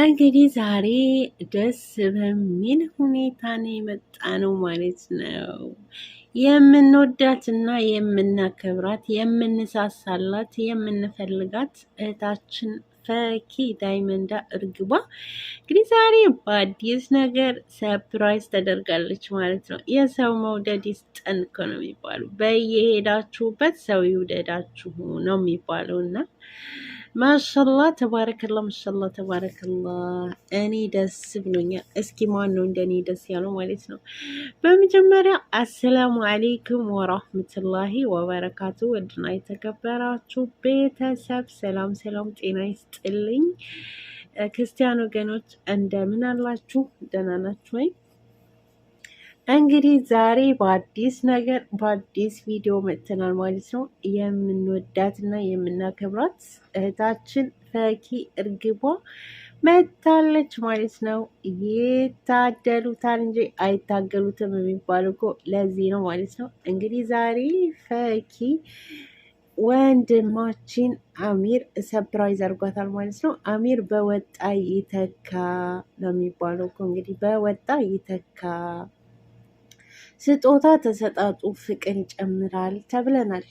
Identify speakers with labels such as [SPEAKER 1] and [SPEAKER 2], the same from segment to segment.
[SPEAKER 1] እንግዲህ ዛሬ ደስ በሚል ሁኔታ ነው የመጣ ነው ማለት ነው። የምንወዳትና የምናከብራት የምንሳሳላት የምንፈልጋት እህታችን ፈኪ ዳይመንዳ እርግቧ እንግዲህ ዛሬ በአዲስ ነገር ሰፕራይዝ ተደርጋለች ማለት ነው። የሰው መውደድ ይስጠን እኮ ነው የሚባለው። በየሄዳችሁበት ሰው ይውደዳችሁ ነው የሚባለው እና ማሻላ ተባረከላ፣ ማሻላ ተባረከላ። እኔ ደስ ብሎኛል። እስኪ ማን ነው እንደኔ ደስ ያለው ማለት ነው? በመጀመሪያ አሰላሙ አሌይኩም ወራህመቱላሂ ወበረካቱ። ወድና የተከበራችሁ ቤተሰብ ሰላም ሰላም፣ ጤና ይስጥልኝ። ክርስቲያን ወገኖች እንደምን አላችሁ? ደህና ናችሁ ወይ? እንግዲህ ዛሬ በአዲስ ነገር በአዲስ ቪዲዮ መጥተናል ማለት ነው። የምንወዳትና የምናከብራት እህታችን ፈኪ እርግቧ መታለች ማለት ነው። ይታደሉታል እንጂ አይታገሉትም የሚባል እኮ ለዚህ ነው ማለት ነው። እንግዲህ ዛሬ ፈኪ ወንድማችን አሚር ሰፕራይዝ አድርጓታል ማለት ነው። አሚር በወጣ ይተካ ነው የሚባለው እኮ እንግዲህ በወጣ ይተካ ስጦታ ተሰጣጡ ፍቅን ጨምራል ተብለናል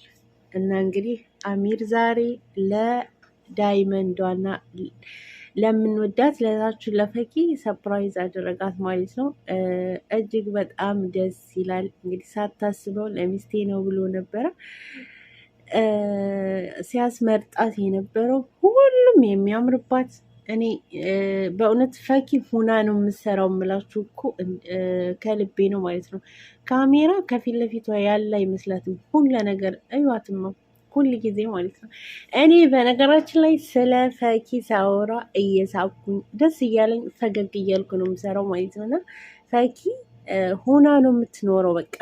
[SPEAKER 1] እና እንግዲህ አሚር ዛሬ ለዳይመንዷና ለምንወዳት ለታችሁ ለፈኪ ሰፕራይዝ አደረጋት ማለት ነው። እጅግ በጣም ደስ ይላል። እንግዲህ ሳታስበው ለሚስቴ ነው ብሎ ነበረ ሲያስመርጣት የነበረው ሁሉም የሚያምርባት እኔ በእውነት ፈኪ ሁና ነው የምሰራው የምላችሁ እኮ ከልቤ ነው ማለት ነው። ካሜራ ከፊት ለፊቷ ያለ አይመስላትም። ሁለ ነገር እዩዋትም ነው ሁል ጊዜ ማለት ነው። እኔ በነገራችን ላይ ስለ ፈኪ ሳወራ እየሳኩኝ ደስ እያለኝ ፈገግ እያልኩ ነው የምሰራው ማለት ነው እና ፈኪ ሆና ነው የምትኖረው። በቃ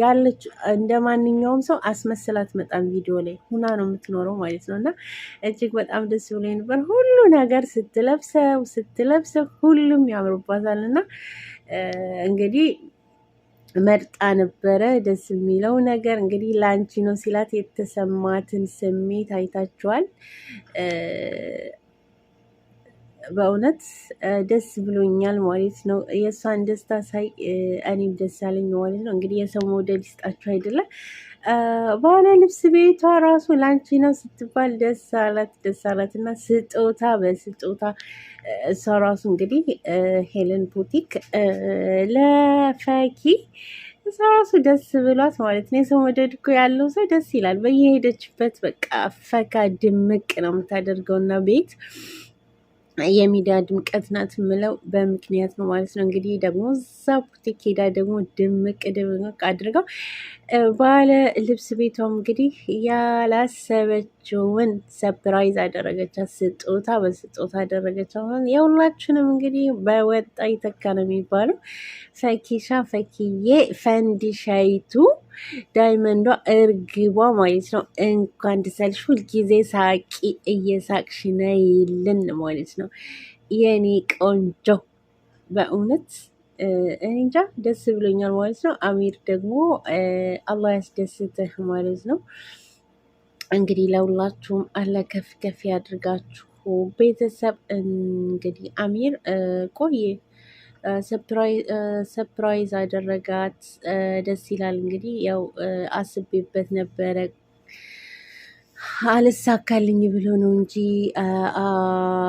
[SPEAKER 1] ያለች እንደ ማንኛውም ሰው አስመስላት መጣም ቪዲዮ ላይ ሆና ነው የምትኖረው ማለት ነው። እና እጅግ በጣም ደስ ብሎ ነበር። ሁሉ ነገር ስትለብሰው ስትለብሰው ሁሉም ያምርባታል። እና እንግዲህ መርጣ ነበረ። ደስ የሚለው ነገር እንግዲህ ለአንቺ ነው ሲላት የተሰማትን ስሜት አይታችኋል። በእውነት ደስ ብሎኛል ማለት ነው። የእሷን ደስታ ሳይ እኔም ደስ ያለኝ ማለት ነው። እንግዲህ የሰው መውደድ ይስጣችሁ አይደለም። ባህለ ልብስ ቤቷ ራሱ ላንቺ ነው ስትባል ደስ አላት ደስ አላት እና ስጦታ በስጦታ እሷ ራሱ እንግዲህ ሄለን ቡቲክ ለፈኪ እሷ ራሱ ደስ ብሏት ማለት ነው። የሰው መውደድ እኮ ያለው ሰው ደስ ይላል። በየሄደችበት በቃ ፈካ ድምቅ ነው የምታደርገውና ቤት የሚዲያ ድምቀት ናት የምለው በምክንያት ነው ማለት ነው። እንግዲህ ደግሞ እዛ ቡቲክ ሄዳ ደግሞ ድምቅ ድምቅ አድርገው ባለ ልብስ ቤቷም እንግዲህ ያላሰበችውን ሰፕራይዝ አደረገቻት። ስጦታ በስጦታ አደረገች። የሁላችንም እንግዲህ በወጣ ይተካ ነው የሚባለው። ፈኪሻ ፈኪዬ ፈንዲሻይቱ ዳይመንዷ እርግቧ ማለት ነው። እንኳን ደስ ያለሽ! ሁልጊዜ ሳቂ እየሳቅሽ ነይልን ማለት ነው የኔ ቆንጆ በእውነት እንጃ ደስ ብሎኛል ማለት ነው። አሚር ደግሞ አላህ ያስደስትህ ማለት ነው። እንግዲህ ለሁላችሁም አላህ ከፍ ከፍ ያድርጋችሁ ቤተሰብ። እንግዲህ አሚር ቆየ ሰፕራይዝ አደረጋት። ደስ ይላል። እንግዲህ ያው አስቤበት ነበረ አልሳካልኝ ብሎ ነው እንጂ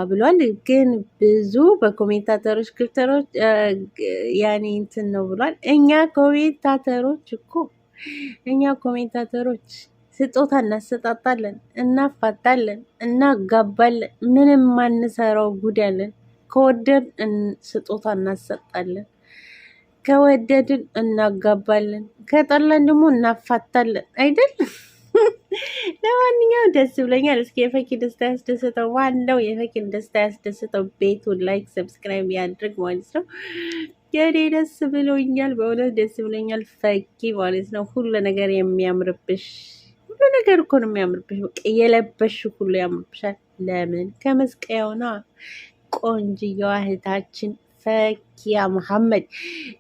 [SPEAKER 1] ብሏል። ግን ብዙ በኮሜንታተሮች ክፍተሮች ያኔ እንትን ነው ብሏል። እኛ ኮሜንታተሮች እኮ እኛ ኮሜንታተሮች ስጦታ እናሰጣጣለን፣ እናፋታለን፣ እናጋባለን። ምንም ማንሰራው ጉዳለን ያለን ከወደድን ስጦታ እናሰጣለን፣ ከወደድን እናጋባለን፣ ከጠላን ደግሞ እናፋታለን አይደል? ለማንኛውም ደስ ብለኛል። እስኪ የፈኪ ደስታ ያስደሰተው ዋናው የፈኪን ደስታ ያስደሰተው ቤቱን ላይክ፣ ሰብስክራይብ ያድርግ ማለት ነው። የኔ ደስ ብሎኛል፣ በእውነት ደስ ብሎኛል። ፈኪ ማለት ነው ሁሉ ነገር የሚያምርብሽ ሁሉ ነገር እኮ ነው የሚያምርብሽ። በቃ የለበሽ ሁሉ ያምርብሻል። ለምን ከመስቀያውና ቆንጅየዋ እህታችን ፈኪያ መሐመድ።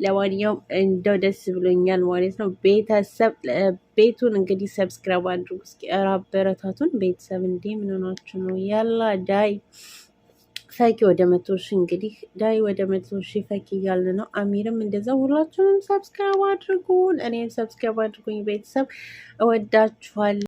[SPEAKER 1] ለማንኛውም እንደው ደስ ብሎኛል ማለት ነው ቤተሰብ። ቤቱን እንግዲህ ሰብስክራይብ አድርጉ እስኪ አበረታቱን ቤተሰብ። እንዴ ምን ሆናችሁ ነው? ያላ ዳይ ፈኪ ወደ መቶ ሺ እንግዲህ ዳይ ወደ መቶ ሺ ፈኪ እያልን ነው። አሚርም እንደዛ ሁላችሁንም ሰብስክራይብ አድርጉን፣ እኔም ሰብስክራይብ አድርጉኝ ቤተሰብ። እወዳችኋለሁ።